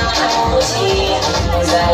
呼吸。